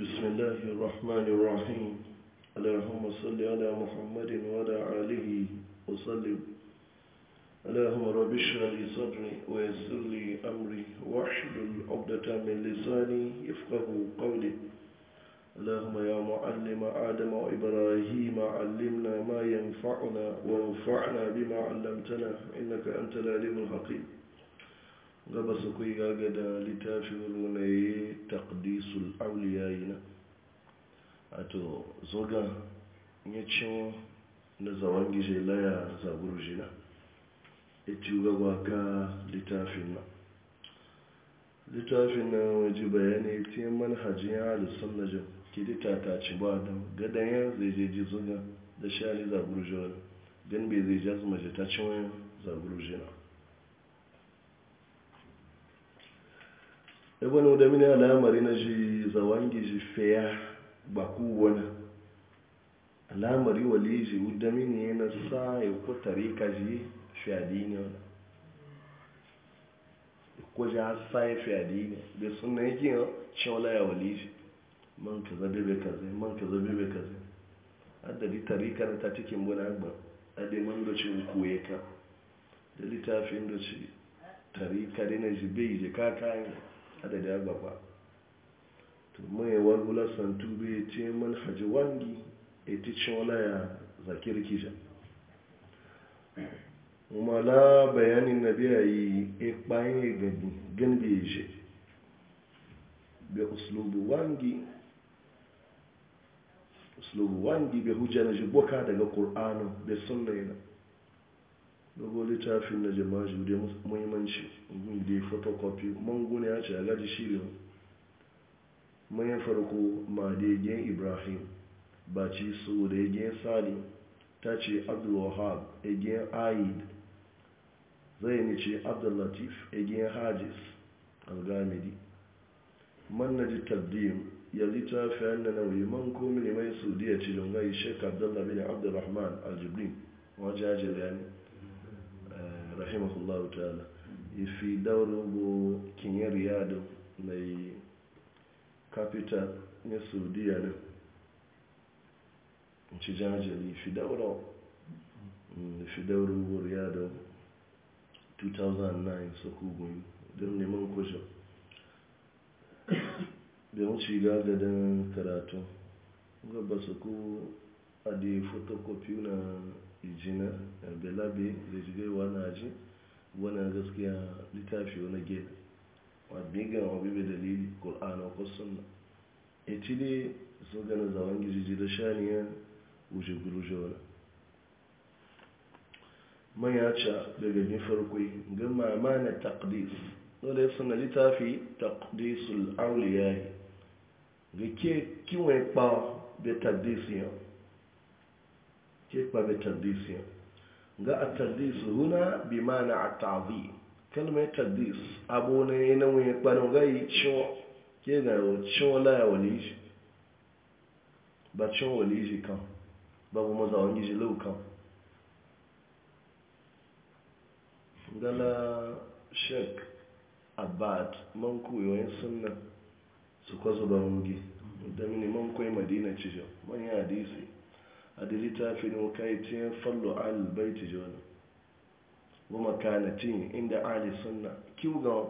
بسم الله الرحمن الرحيم اللهم صل على محمد وعلى آله وسلم اللهم رب اشرح لي صدري ويسر لي امري واحلل عقدة من لساني يفقه قولي اللهم يا معلم آدم وإبراهيم علمنا ما ينفعنا وانفعنا بما علمتنا إنك أنت العليم الحكيم gaba su kai gaga da littafin muna yi takdisul auliya yi na a to zoga ya ci na zawon gije laya zaburu jina ya ci gaba ka littafin na littafin na waje bayani ta yi manhajin ya halittun na jin kidita ta ci ba don ya zai je ji zoga da shari zaburu jina gan bai zai jazma ta ci wayan zaburu jina ibn da mini al'amari na ji zawangi ji feya ba ku wani al'amari wali ji wuda mini yana sa ya ku tarika ji fiyadi ne wani ko ji har sa ya fiyadi ne da suna yake yin cewa ya wali ji man ka zabe bai kaze man ka zabe bai kaze adadi tarika na ta cikin buna agba adi man da ci koye ka da littafin da ci tarika da na ji bai je kakayin adada gbagba to mai wagula santube ce manhaji wangi e ti cewa ya zakir kija mala bayanin na biyayi yi ikpayin e egani ganbe je be uslubu wangi uslubu wangi be hujja na jiboka daga ƙur'anu be sunna yana dogon littafin na jama'a da muhimmanci gun fotokopi ya photocopy ya ce a gaji shirin mayan farko ma da yagen ibrahim ba ci so da yagen sani ta ce abdullahab yagen ayid zai ni ce abdullatif yagen hajis algamidi man na ji tabdim ya littafi an na nauyi man komi mai su diya ci don gai shek abdullabi da abdullahman aljibrin wajajen da rahimahullahu ta'ala ifi daurugo kinyar yadu mai capital na saudiya ne ci jajali fi daura fi daurugo mm, riyadu 2009 sokogun don neman kujo da wuce gagadan karatu gaba su ku a da fotokopi na ijina na belabe zai ji gaiwa na ji wannan gaskiya littafi wani gefe abin gama bibi dalili ƙul'ana ko suna e ci su sun gana zawon gijiji da shaniya wuce guruje wani man ya ca daga bin farko gama mana takdis dole suna littafi takdisul auliyayi ga ke kiwon kpa da takdis yau ba mai tardis tardisi ga a tardis huna bi mana a ta'azi kalmar tardis abu ne na wuyi kwanon gai ciwo ke ga ciwo laya shi? ba ciwo waliji kan babu mazawon gizi laukan gala shek abad man yin sunan su kwazo ba mungi da mini man koyi madina cijin man yi hadisi adi littafin kaitin fallo albaiti jona goma kanatin inda ali sunna kiwuga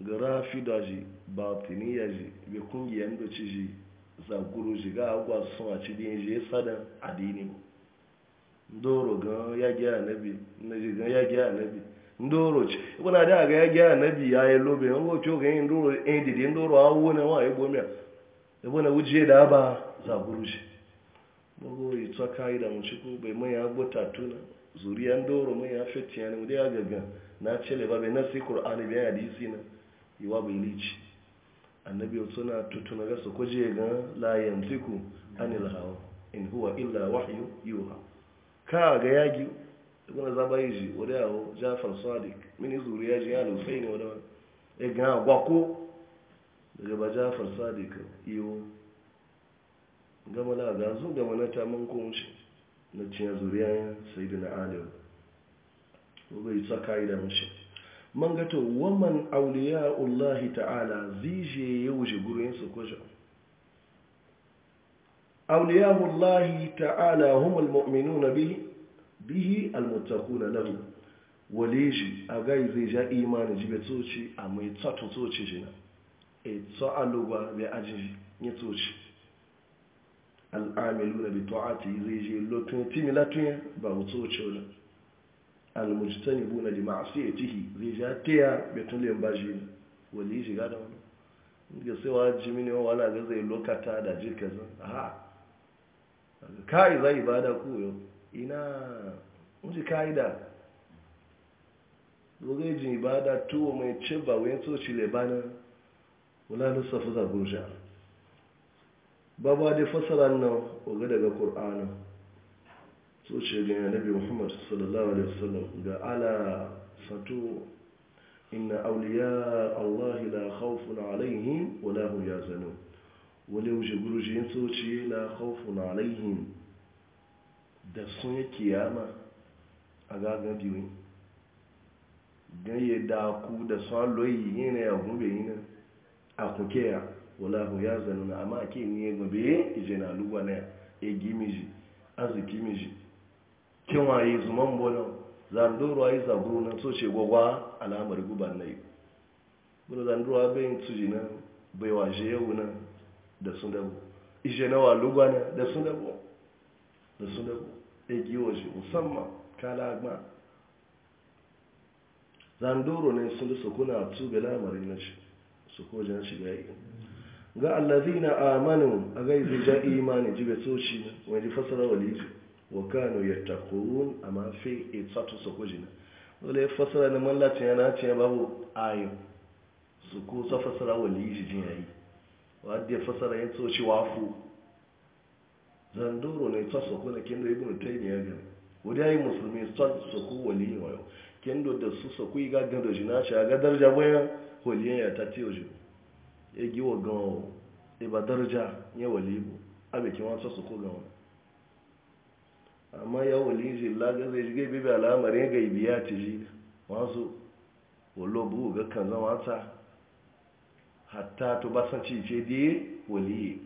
ga rafida ji batiniya ji bai kungiyar da ci ji zaguru ji ga agwa sun a ci biyan ji ya sadan adini ba ndoro ga ya gya anabi na ji ga ya gya anabi ndoro ci ibu na da ga ya gya anabi ya yi lobe yan go ciwo ga yin ndoro yan eh, didi ndoro a wuna wa ya gomiya ibu na wuce da ba zaguru ji bugu yi tsaka yi da mu ciku bai mai ya bota tuna zuriyan doro mai ya fetti ya wadda ya gaga na cele ba bai nasi kur'ani bai disi na yiwa bai lici annabi suna tutuna ga su kuje ga layan tiku an ilhawa in huwa illa wahyu yuha ka ga yagi ji wadda ya hau jafar sadiq mini zuriya ji ya ne wadda ya e ga gwako daga ba jafar sadiq yiwo gama na zo gama na tamin kunshi na ciyar zuriya sai da na aliyu bai tsaka yi da mushi man gato waman auliya allahi ta'ala zije ya shi gurin su kusa auliya allahi ta'ala humul mu'minu na bihi bihi na lahu wale shi a gai zai ja imanin jibe tsoci a mai tsato tsoci shi na e tso bai ajin ya tsoci al'amilu na bitu'ati zai je lotun timi latun ba mutu cewa almujtani bu na lima'asi ya tihi zai ja teya betun liyan baji ne wali shiga da wani ga sai wa mini ne wani ga zai lokata da ji kaza aha kai za ibada ku yau ina muji kaida goge ji ibada tuwo mai ce ba wayan soci lebana wala nusafu za gurja ba ba da fasarar nan ga daga ƙur'ana so ce ga nabi muhammad sallallahu alaihi wasallam ga ala sato inna auliya allahi la khawfun alaihim wa la ya yazanun wani wuce gurujin so ce la na alaihi da sun yi kiyama a gagan biyu ganye da ku da sun loyi yana ya gube yana a kukiyar wallahu ya zanuna a ke ni gobe ije na lugwa na egi miji arziki miji kinwa yi zuman bono zandoro ayi zaburu na so ce gwagwa al'amari guban na yi wani zandoro abin tuji na bai waje yau na da ije na wa na da sun dabo da sun dabo e musamman kala agba zandoro na sun da sokuna a tubela marin na shi ga allazina amanu a ga zai ja imani jibe soci na wani fasara waliji wa kanu a amma fi itsatu sokojina dole fasara na mallacin yana ce babu ayon. su ko sa fasara waliji jin yayi wa da fasara ya soci wafu zandoro ne ta soko na kendo ya gani wadda ya yi musulmi ta soko waliyi wayo kendo da su soko ga gado jina ce ga darja boyan waliyan ya ta tiyo jina ya gi wa gan o iba daraja ya wali bu abe ki wancan su ko gan amma ya wali ji laga zai ji gaibe bai alamar ya gaibe ya ci ji wasu wallo bu ga kan zama ta hatta to basan ci ce dai wali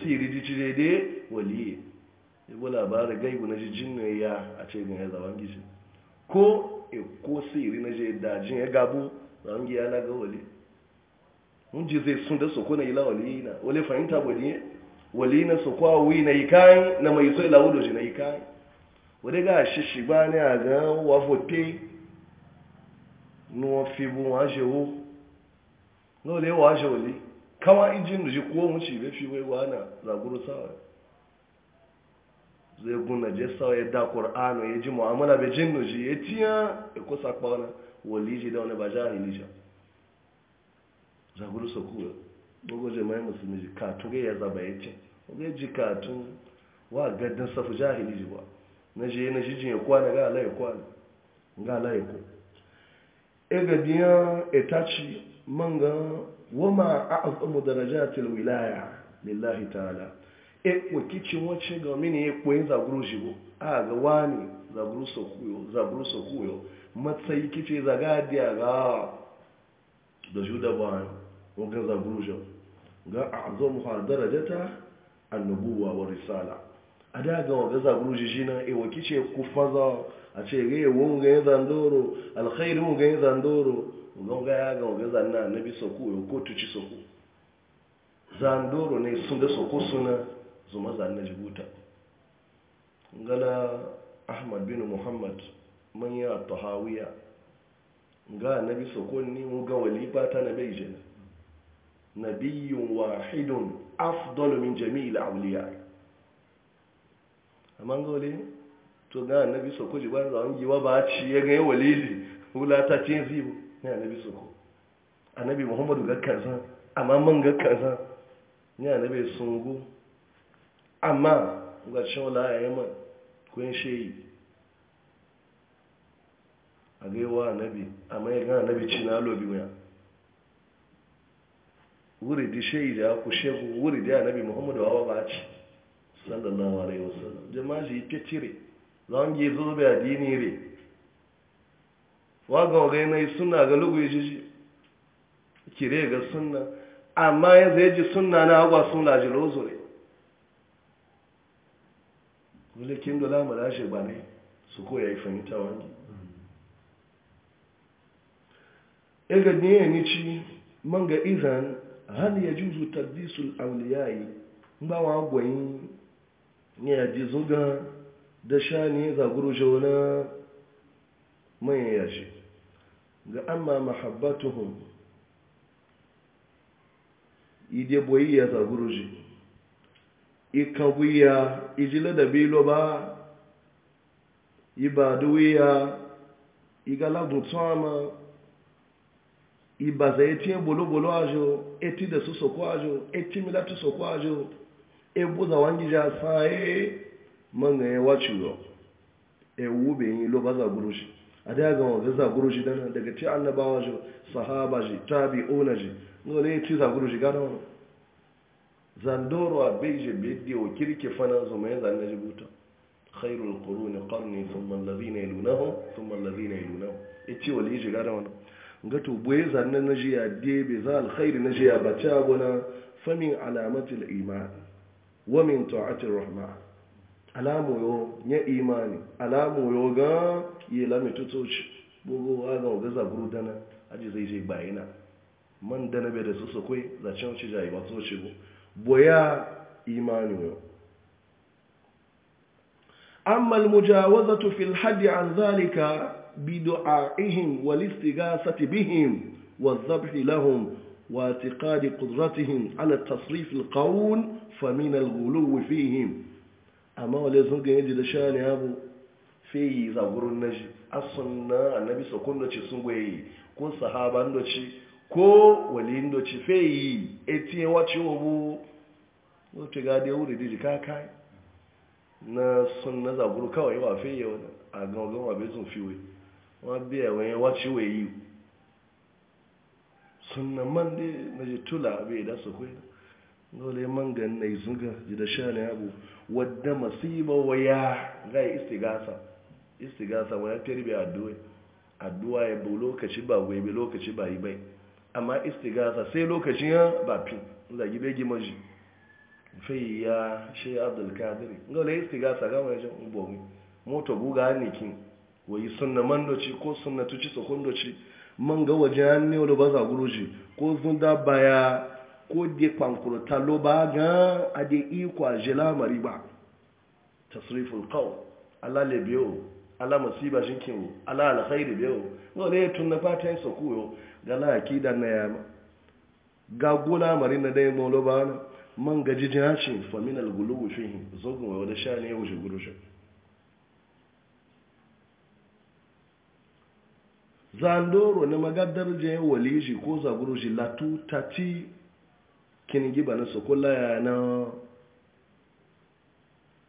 siri ji ci dai wali ibo labarin gaibu na jijin ne ya a ce gan ya zawan gishi ko eko siri na je dajin ya gabu zawan giya na ga wali ji zai sun da soko na ila walina wale fahimta gwani na su kwa wi na yi kayan na mai so ila shi na kayan wade ga shishi ba ne a ga wafote nuwa bu wa ṣe wo wale wa ṣe wali, kama ijin da shi kuwa mun shi fi wai na zaguru sawa zai guna je sawa ya da ƙor'ano ya ji mu'amala bai jin nuji ya tiya ya kusa kwana wali ji da wani ba jahili jahili zaguru sokura gbogbo mai musulmi ji katun ga ya zaba ya ce ga ji katun wa gaddan safu jahili ji ba na je na jijin ya kwana ga ala ya kwana ga ala ya ko e ga biya etachi manga wama a'zamu darajatil wilaya lillahi ta'ala e ko kici wace ga mini e ko yin zaguru ji a ga wani zaguru sokuyo zaguru sokuyo matsayi kice zaga ga da juda wajen zabrujin ga azon ha darajata annabuwa wa risala a daga wajen zabrujin shi na ewa kice ku faza a ce ga yawon ga yin zandoro alkhairin ga yin zandoro ga ya ga wajen zanna annabi soko ya ko tuci soko zandoro ne sun da soko suna zuma zanna jibuta gana ahmad bin muhammad manya tahawiya ga na annabi soko ne mu ga waliba ta na bai jina na واحد أفضل من جميع الأولياء أما نقول to ga annabi soko ji ban ran yiwa ba ci ya ga walili wula ta ce zibo ne annabi soko annabi muhammadu ga kaza amma man ga kaza ne annabi ama amma ga shola ya man kun sheyi a gaiwa annabi ya na alobi wuridi shaida ku shegu wuridi annabi muhammadu wa ba Muhammadu sallallahu alaihi wasallam jama'a shi ke cire zan yi zo da dini re wa ga ga ne sunna ga lugu yi shi kire ga sunna amma ya zai ji sunna na agwa sunna laji lozo ne wale kin dola mu lashe ba ne su ko yayi fahimta wani mm. ega ne ni chi, Manga izan Hali ya juzu taddisul auliyayi ba wa gwayin ya ji zuga da sha ne zaguru shauna mai yashi ga amma mahabbatuhum ide boyi ya zaguru shi ikawiya ijila da bilo ba ibaduwiya igalagun tsama ibaza ya tiye bolo-bolo ajo eti da su soko ajo eti milatu soko ajo ebo za wangi ja saye manga ya wacu yau ewu bayan lo ba za guru a da ga wanga za guru shi dana daga ci annabawa jo sahaba ji tabi ona ji ngole ya ci za guru shi gana wani zandoro a beije bedi o kirke fana zo mai zanna ji buta khairul quruni qarni thumma alladhina yalunahum thumma alladhina yalunahum ichi wali ji gana no. ga to boye zannan na jiya bai za alkhairi na jiya ba ta gona famin alamatul iman wa min ta'atir rahman alamu yo ya imani alamu yo ga yi lamitu toci bugu wa ga ga zaburu dana aji zai je bayina man dana bai da su su kai ci wuce jayi ba toci bu boya imani yo amma almujawazatu fil hadi an zalika بدعائهم والاستغاثة بهم والذبح لهم واعتقاد قدرتهم على التصريف القون فمن الغلو فيهم أما وليزن قيد دشاني أبو في زغور النجي أصنع النبي سكون نجي سنغوي كون صحابة نجي كو ولي نجي في اتين واتي وبو wata gada ya wuri didi na sun na zaburu kawai wa fiye wani a gangan wa bezin fiye wọ́n bí ẹ̀wọ̀n yẹn wọ́n ti wẹ̀ yìí sunna man na ji tula bai da su kwai dole man gan na izun ga ji da sha ne abu wadda masiba waya ga istigasa istigasa wani fere bai addu'a addu'a ya bu lokaci ba wai bi lokaci ba yi bai amma istigasa sai lokacin ya ba fi zagi gibe gima ji fai ya shi abdulkadir dole istigasa ga wani ubomi moto buga nikin wayi sunna mandoci ko sunna tuci doci man ga wajen ne wani ba za guruji ko sun da baya ko de kwankurta lo ba ga a de ikwa jela mari ba tasriful qaw ala le biyo ala masiba shinkin ala alkhairi biyo dai tun na fatan su yo ga la akida na ya ga gula mari na dai mo lo ba man ga jijin hacin faminal gulu fihi zogun wa da sha ne wuce guruji zandoro na magadar je wali shi ko zaburu shi latu tati kini giba na sokola ya na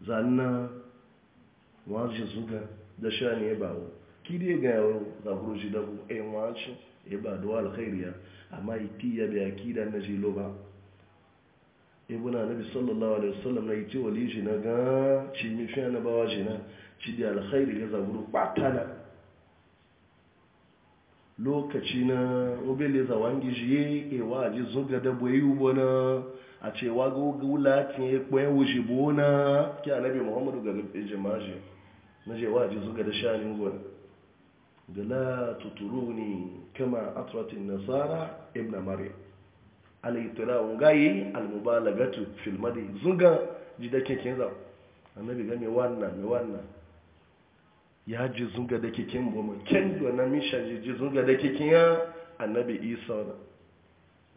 zanna wajen zuga da ne ya bawo ki dai ga zaburu shi da ku ai wace ya ba da alkhairiya amma iti ya bi akida na jilo ba ibuna bi sallallahu alaihi wasallam na iti wali shi na ga ci mi fi na bawa shi na ci da ga zaburu patana lokaci na obele zawangi jiye ewa ji zuga da bai yi na a cewa ga wula tiye kwaye wuce bona ki annabi muhammadu ga jama'a na jewa ji zuga da shanin gona da la ne kama atratin nasara ibn maryam alaitura ungayi almubalagatu filmadi zuga ji da kekin za annabi ga me wannan me wannan ya ji zunga da kikin bomo ken do na misha ji zunga da kikin ya annabi isa na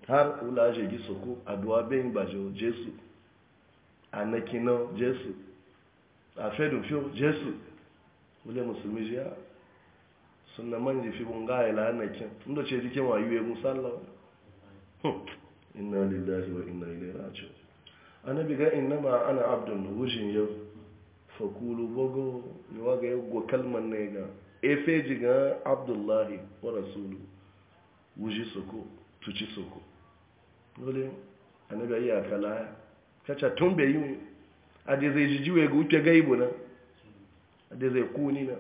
har ula je gi soko aduwa ben ba je jesu anakina jesu afedu fio jesu wule musulmi ji ya sunna man ji fi bunga ila e anakin ndo ce jikin wa yuwe musalla hmm. inna lillahi wa inna ilaihi raji'un annabi ga innama ana abdul wujin yau fakulu bogo yawa ga yago kalman ne ga efe jiga abdullahi wa rasulu wuji soko tuci soko dole annabi ya kalaya, kacha tumbe yi ade zai jijiwe ga uke gaibu na ade zai kuni na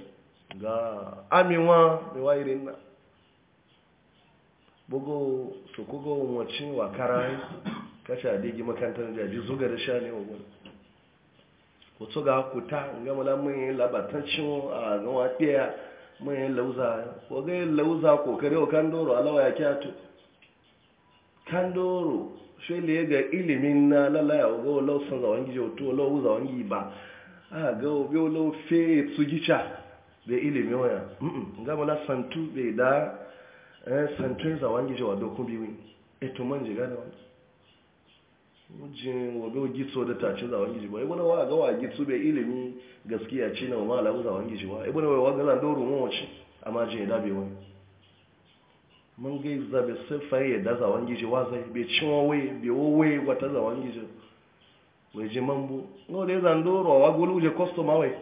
ga aminwa mai wairin na bogo soko ga wacin wakara kacha ade gi makantar jaji zuga da sha ne wa wato ga kuta ga mala mun labatan cin a ga wafiya mun lauza ko ga lauza kokare o kandoro alawa ya kyatu kandoro shi le ga ilimin na lalaya o ga lausan zawan gije o to lawu zawan gi ba a ga o bi o lawu fe tsugicha be ilimi waya mm ga mala santu be da eh santun zawan gije wa dokun biwi eto man jiga da wani jin wabe gitso da tacin zawon gishi ba ibana wa ga wa gitso bai ilimi gaskiya ci na umar alamu zawon gishi ba ibana wa ga zan doro mawaci amma jin ya dabe wani mun gai zabe siffar ya da zawon gishi wa sai bai cin wawe bai wawe wata zawon gishi wai ji mambu no dai zan doro wa gulu je kwastoma wai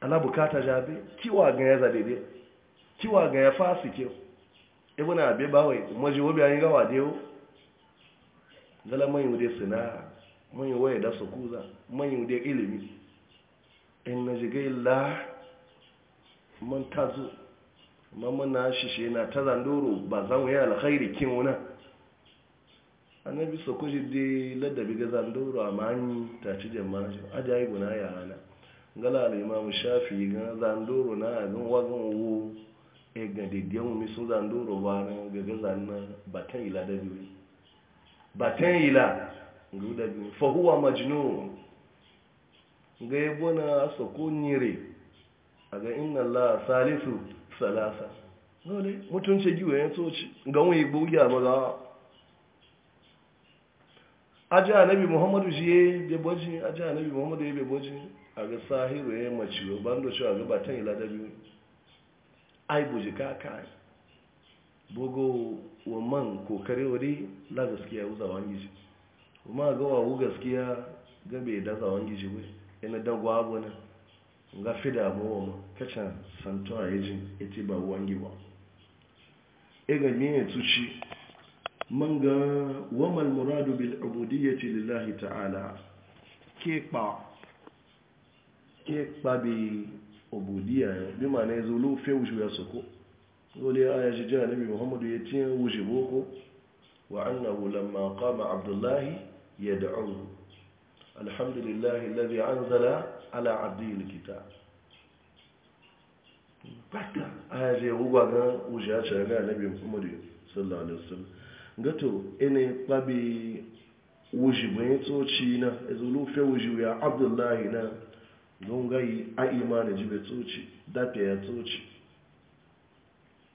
ana bukata jabe kiwa ga ya zabe dai kiwa ga ya fasi kyau ibana abe bawai umarji wabi an yi gawa dai zala mai wude sina mai waye da su kuza mai wude ilimi in na jigai la man tazo mamman na shishe na ta zandoro ba za mu yi alkhairi kin wuna annabi su kuji dai ladabi ga zandoro a mani ta ci jama'a ajayi guna hana. gala al'imamu shafi ga zandoro na agin wazan wo e ga didiyan mu sun zandoro ba na gaga zanna ba ta ila da biyu batten ila guda biyu fahuwa majnun ga yabo na sokonyere a ga inna la salisu salasa dole mutunce giwa ya soci ga wani gbogya maza aji anabi muhammadu shi ya beboji aji anabi muhammadu ya beboji a ga sahiru ya maciwo ban da cewa ga batten ila da biyu ai bugu wa man kokare wuri la gaskiya wuza wangi shi kuma ga wawu gaskiya ga bai da za wangi shi wai yana da gwabo na ga fida mu wa ma kacha santo a yajin ita ba wangi ba e ga miye tuci man ga wamal muradu bil ubudiyyati lillahi ta'ala ke pa ke pa bi ubudiyya bi ma ne zulu fe wuju ya soko a ya shi jira nabi muhammadu ya ce wuce boko wa annahu lamma qama abdullahi yad'uhu alhamdulillahi alladhi anzala ala abdihi alkitab bata aya je ugwa ga wuce ya ce ga nabi muhammadu sallallahu alaihi wasallam gato ene kwabi wuce bai tsoci na ezulu fe wuce ya abdullahi na gongayi a imanin jibe tsoci dafe ya tsoci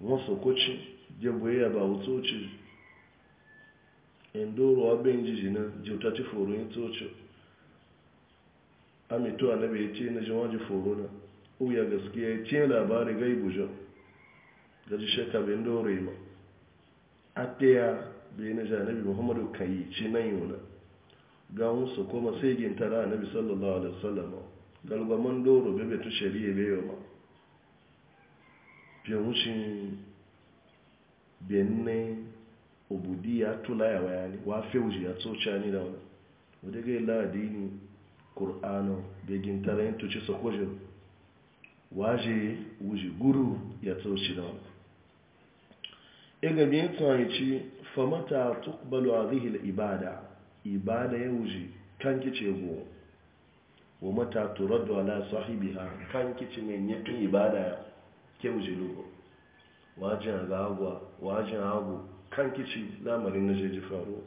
nwoso kochi jebue ya ba utochi indoro wa benjiji na jiutati foro intocho amito annabi ya ce na jiwaji foro na uya gaskiya ya ce labari gai bujo da ji bin dore ma a ɗaya bai na janabi muhammadu kan yi ce nan yau na ga musu kuma sai gintara annabi sallallahu alaihi wasallam galgwaman doro fiye benin obodi ya tula ya bayani wa wuje ya tsoca ni da wani wadda ga ila adini ƙur'anu begin tarayin tuci sokoji waje wuji guru ya tsoci da wani igabin e ci famata tukbalu a zihil ibada ibada ya wuji kan kice go wa mata turaddu ala sahibiha kan kice mai yakin ibada ya kemji waje wajen agwa wajen agu kan kici lamarin na jeji faru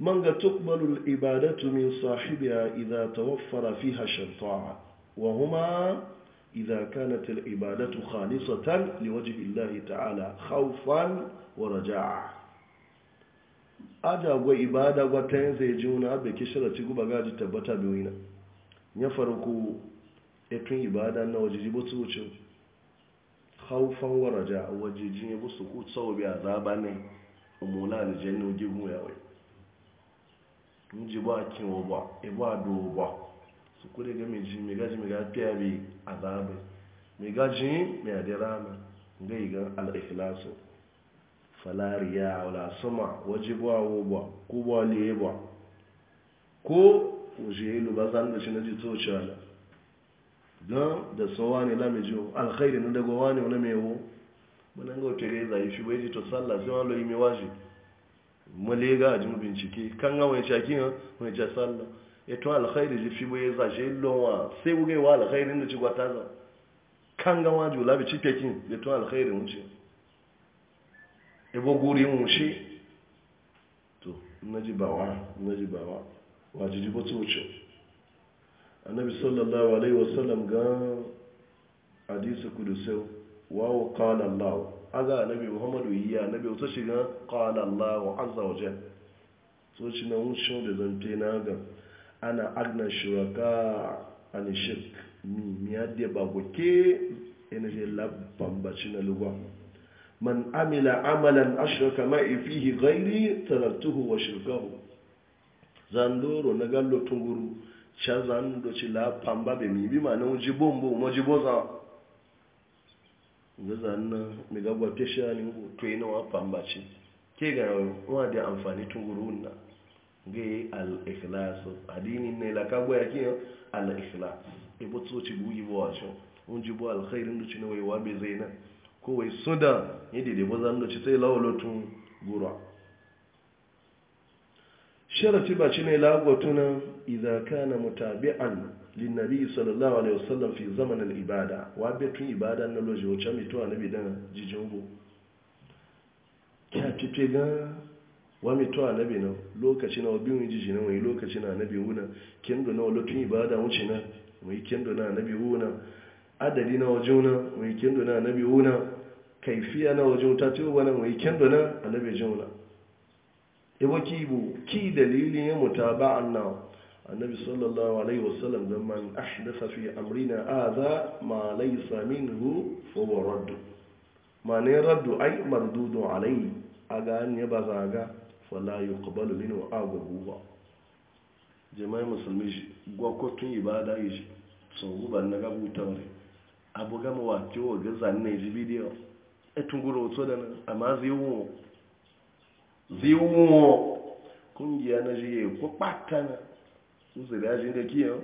man ga tukbalul ibadatu min sahibiya idza tawaffara fiha sharta'a wa huma idza kanat al ibadatu khalisatan liwajhi Allah ta'ala khawfan wa raja'a aja gwa ibada gwa tayin zai juna be kishira ci guba gaji tabbata biwina ya farko yakin ibada na wajiji botu wucin haufan waraja wajiji ya busu ku tsawo bi azaba ne umula aljanna gigun yawe nji ba kin wo ba e ba do ba su kure ga mi ji mi gaji mi ga tiya bi a azaba mi gaji mi adirama ngai ga al-ikhlasu fala a wala suma wajibu wa ba ku ba liye ba ko uje lu bazan da shi na ji to chala don da sowa ne lamijo alkhairi na daga wani wani mai wo manan ga wata gaisa yi fi bai ji to sallah sai wani lori mai waje malega a jimu bincike kan ya wani aki ha wani ja sallah ya to alkhairi ji fi bai za shi lowa sai bugai wa alkhairi da ci gwata za kan ga wani jula bi pekin ya to alkhairi mu ce Ibo guri mun shi to ji bawa ji bawa wajiji ba tsoce annabi sallallahu alaihi wasallam ga hadisi kudusau wawo qala allah aga annabi muhammadu yi annabi wato shiga qala allah azza wa jalla so shi na wucin da zante na ga ana agna shuraka a shirk mi miyadde ba ko ke ina je labban baci na lugwa man amila amalan ashraka ma'i fihi ghairi taraktuhu wa shirkahu zandoro na gallo tunguru chazan do ci la pamba be mi bi ma na uji bombo mo ji boza ga zan na mi ga gwa te sha ni go to wa pamba ci ke ga wa da amfani tungurun na ge al ikhlas adini ne la ka gwa yake al ikhlas e bo tso ci buyi bo ajo unji bo al khair ndu ci ne wai wa be zaina ko wai soda yidi de boza ndu ci sai lawlo tun gura sharati ba ci ne la gwa tunan idza kana mutabi'an linnabi sallallahu alaihi wasallam fi zaman al-ibada wa betun ibada na loje wacce mai to annabi dan jijingo ya tete ga wa mai to annabi na lokaci na obin jiji na mai lokaci na annabi wuna kendo na lokacin ibada wuce na mai kendo na annabi wuna adadi na wajuna mai kendo na annabi wuna kaifiya na wajun ta ce wani mai kendo na annabi juna ibo kibu ki dalilin ya mutaba'an nawa annabi sallallahu alaihi wasallam da man ahdasa fi amrina aza, ma laysa minhu fa huwa radd ma ne radd ay mardudu alai aga an ya bazaga fa la yuqbalu minhu aghu ba jama'i musulmi shi tun ibada yi so sun guba na gabuta wuri abu gama wa kiwo ga zanne ji bidiyo etun guro so da nan amma ziwo ziwo kungiya na jiye ko patana su su da da kiyan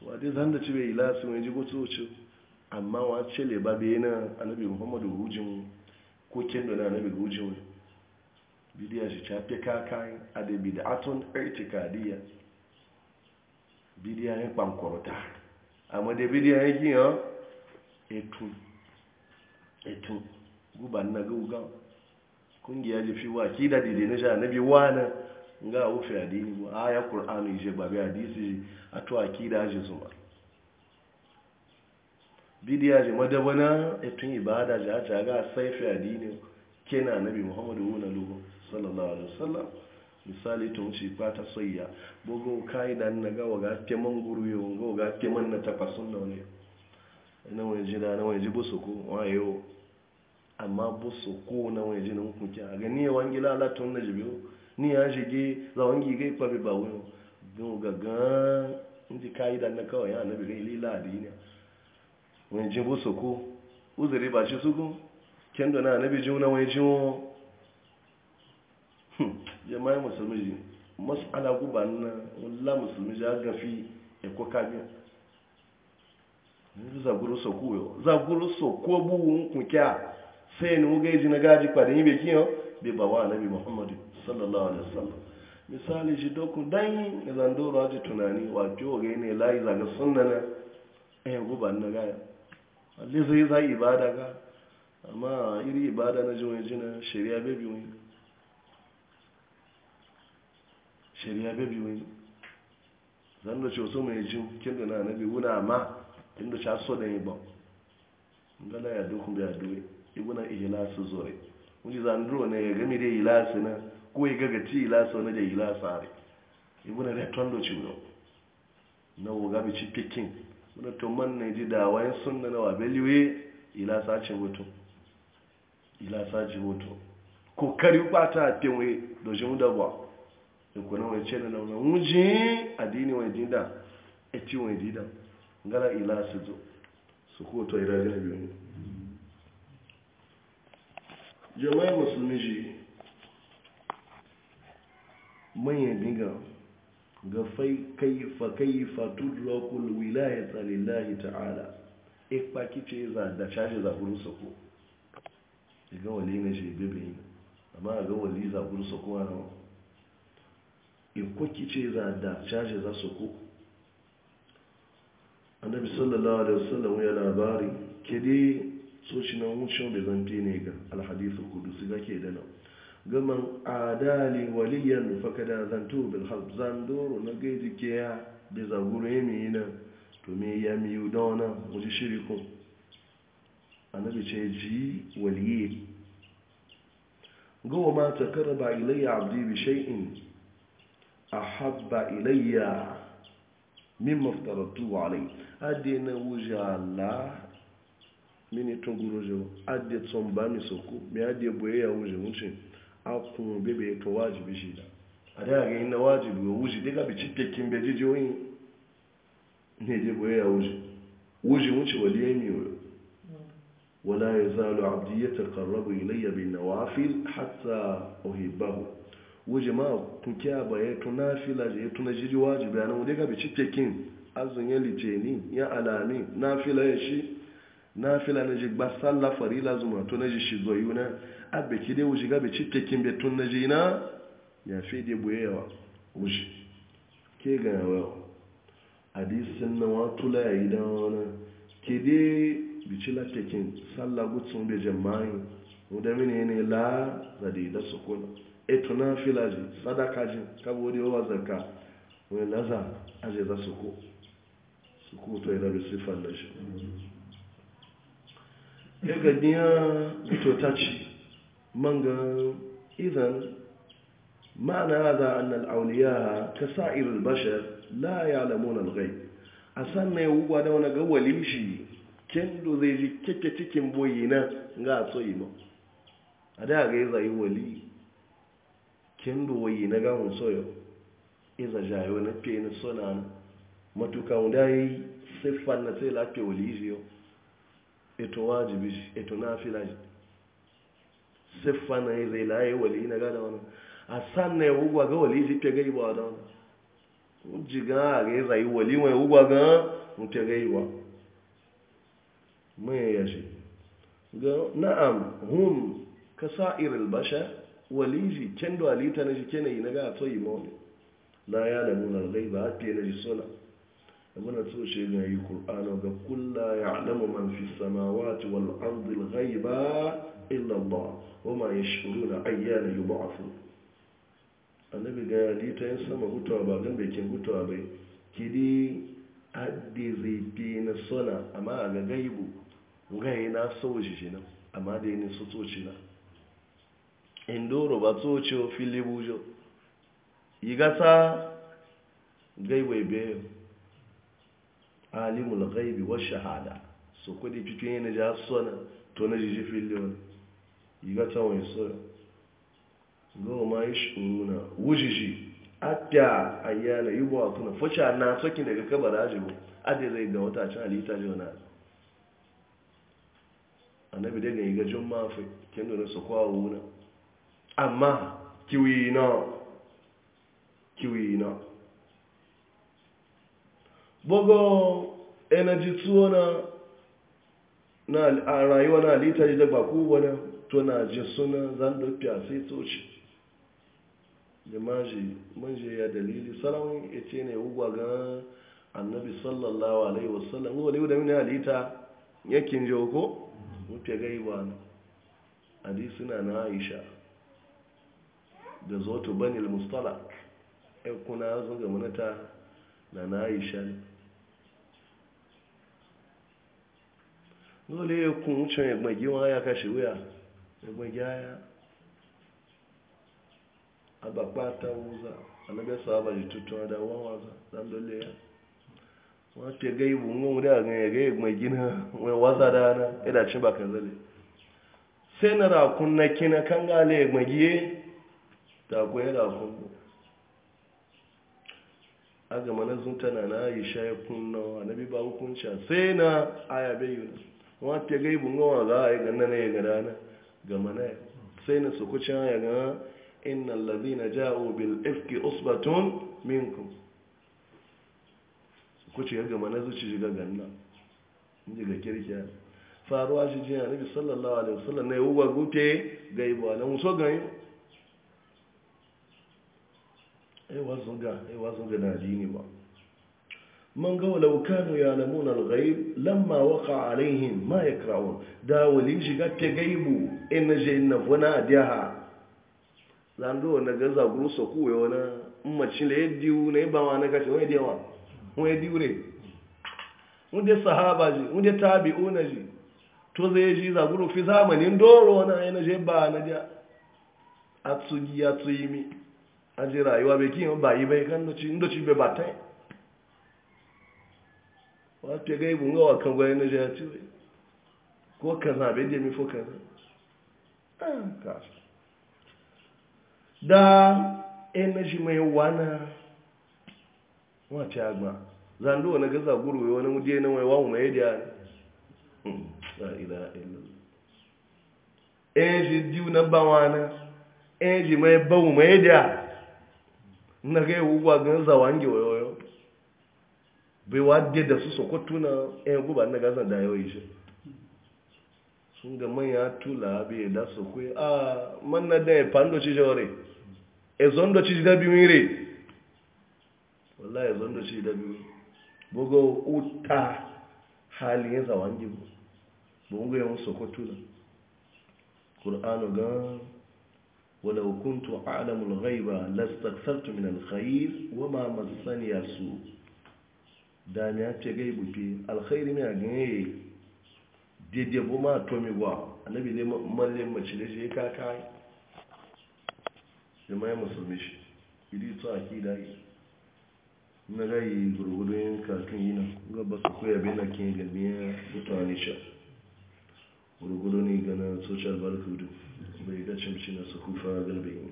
wadda zan da ci ila ilasu mai jigo tsoci amma wa ce le ba bai na anabi muhammadu hujin ko kendo na anabi hujin bidiyar shi cafe kakain adabi da atun irtikadiyya bidiyar ya kwankorta amma da bidiyar ya kiyan etun etun guban na gugan kungiya ji fi wa ki da dide na sha anabi wa na nga wufe adini bu aya qur'ani je babe hadisi ato akida je zuma bidiya je madabana etun ibada je aja ga saifi adini kena annabi muhammadu wuna lugo sallallahu alaihi wasallam misali tun ci kwata soyya bogo kaida na ga waga teman guruyo ngo ga teman na tafasun da wani ina wani jina na wani jibo soko wayo amma bo soko na wani jina hukunci a gani wangila alatun na jibiyo ni ya shige zawon yi gai kwabe ba wuyo don gaggan inji kayi da na kawai ya nabi gai lila a duniya wani jimbo uzuri ba shi suku kendo na nabi jimbo na wani jimbo hmm, jama'i musulmi ji mas'ala guba na wala musulmi ji a fẹ́ ni wọ́n gẹ́ ìjìnà gáàjì pàdé yíbe kí yán muhammadu sallallahu alaihi wasallam misali shi doku dan zandoro aji tunani wato ga ne layi zaga sunna na eh guba na ga alle zai za ibada ga amma iri ibada na jiwon jina shari'a bebi wani shari'a bebi wani zan da ce wasu mai jin kin na nabi wuna ma inda cha so da yi ba ngala ya dukun da ya duwe ibuna ihlasu zore wani zandoro ne ya gami da ihlasu na kuwa ga ga ci ilasa wani da ilasa re ibuna da tondo ci wuno na woga bi ci pikin wani tumman man na ji da wayan suna na wabeliwe ilasa ci wuto ilasa ci wuto kari kwata a tenwe dojin da ba ikunan wai ce na launin wujin adini wai dida, e a ci dida gara ngala ilasa zo su koto irajen biyu jama'i musulmi ji manyan diga ga fakaifa tudrakul wilayata lillahi ta'ala ipa kice za da caji zaburu sako ga wali na shi bebe amma ga wali zaburu sako a nawa iko kice za da caji za sako annabi sallallahu alaihi wasallam ya labari kede so shi na wucin da fi ne ga alhadisu Kudu ga ke da nan gaman adali waliyan fakada zantu bil harb doro na gaji ke ya da zaguru ya mai nan to me ya mi yi dauna wuji shiriku annabi ce ji waliye gowa ma ta ba ilayya abdi bi a ahabba ilayya min maftaratu alai adi na wuji Allah mini to gurojo adi tsomba mi soko mi adi boye ya wuji wuce? akun bebe to wajibi shi a da ga yin na wajibi wa wuji daga bi cikakkin beji jiyoyin Na je boye ya wuji wuji wuce wali ya mi wala ya zalo abdi ya takarrabu ilayya bin nawafil hatta uhibbahu wuji ma kun kya ba ya tuna fila ya tuna jiri wajibi a nan daga bi cikakkin azun ya litini ya alami na fila ya shi na fila na ji ba sallah farila zuma to na ji shi zoyu na abe ki dai wuji gabe cike kin be tun na ji na ya fi dai buye yawa wuji ke ga yawa hadisin na wato la yayi da wani ke dai bici la tekin sallah gutsun be jama'i mu da mini ne la zade da sukun e to na fila ji sadaka ji kabo dai wa zarka wani laza aje za suko suko to yana bi sifan da shi ya ganiya ito ta ce mangan izan ma'ana za a nan auliya ka sa'irar bashar la ya lamuna algai a sannan ya wuwa da wani gawalin shi kendo zai ji keke cikin boyi na ga a tsoyi ma a da ga yi zai wali kendo wayi na gahun soyo iza jayo na fiye na suna matuka wanda ya yi siffar na sai lafiya wali jiyo eto wajibi shi eto nafila shi siffa na zai laye wali na gada a san na ya wugwa ga wali zipe ga iwa da wani uji ga a ga zai wali mai wugwa ga mutu ga iwa mai ya shi ga na'am hum ka sa'ir albasha wali shi kendo alita na shi na ga a tsoyi ba a shi suna muna so shi ne yi ga kulla ya alamu man fi samawati wal ardil ghaiba illa Allah wa ma da ayyana yub'athu annabi ga yadi ta yin sama hutawa ba gan ke hutawa bai di haddi zai na sona amma ga gaibu gai na soji shi nan amma da yi su toci na indoro ba toci fili filibujo yi gasa gaibu ebe alimul ghaibi wa shahada so ko di cikin yana ja sona to na jiji filiyon iga ta wani so go ma yishuruna wujiji atta ayyana yubo akuna fusha na sokin daga kabara ajibu ade zai ga wata cin alita jona annabi daga iga jumma fa kin dole su kwa wuna amma kiwi na kiwi na bogo energy tuwo na a rayuwa na halitta ji da baku wani to na ji suna zan dokiya sai toci maji manje ya dalili salon ya ce ne ugwa ga annabi sallallahu alaihi wasallam wani da yi mini halitta yakin joko mafi ba na hadisi na na aisha da zoto banil mustalak ya kuna zunga manata na na aisha ne dole ya kun wucin ya gbagi wa ya kashe wuya ya gbagi ya a bakpa ta wuza alaga saba da tutun da wawa za dan dole ya wata ga ibu ngon da ga ya ga ya na wai waza da na ida e cin baka zale sai na rakun na kina kan gale ya gbagi ta ya rakun a ga na tana na yi shayakun na annabi ba hukunci sai na ayabe yunus wa ke gai bunga wa ga ai ganna ne ga dana ga mana sai na suku can ya ga innal ladina ja'u bil ifki usbatun minkum suku ce ga mana zuci ga ganna inji ga kirkiya faruwa shi jiya nabi sallallahu alaihi wasallam ne uwa gute ibu ala muso gani. ai wazo ga ai wazo ga na adini ba man ga walau kanu ya lamuna al-ghaib lamma waqa alaihim ma yakraun da shiga ta gaibu in je na funa adiha zando na ga zaguru so ku yo na mace diu ne ba ma na ga ce wani diwa wani diu ne mun de sahaba ji mun de tabi'una ji to zai ji zaguru fi zamanin doro na yana je ba na ja atsugi atsuyimi aje rayuwa be kin ba yi bai kan no ci ndo ci be batai wata ga ibun gawa kan gwani na jaya ciwe ko kan zaɓe da mi fokan da energy mai wana wata agba zando wani gaza gurwe wani mudiya na mai wawu mai yadda ne hmm, la'ila illallah energy diu na bawana energy mai bawu mai yadda na ga yi wugwa gan zawangewa bai wadde da su sokoto na yan guba na gasa da yawai shi sun ga manya tula bai da su kwe a ah, manna da ya fando ci jaware e zondo ci da bi mire wallahi zondo ci da bi bugo uta hali ya zawan gibu bugo yan sokoto na qur'anu ga ولو كنت أعلم الغيب لاستكثرت من الخير وما مسني su. Dani a ce gai bupi alkhairi mi a ganye Dede bu ma tomi mi gwa bi ne malle mace da shi ka kai da mai musulmi shi idi to akida yi na gai ka katun yi na ga ba su koya bai na kin gamiya mutane shi gurgudu ne ga na social barkudu, bai ga cimci na sukufa kufa galibin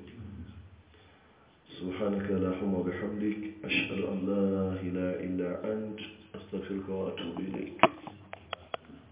سبحانك لا اللهم بحمدك أشهد أن لا إله إلا أنت أستغفرك وأتوب إليك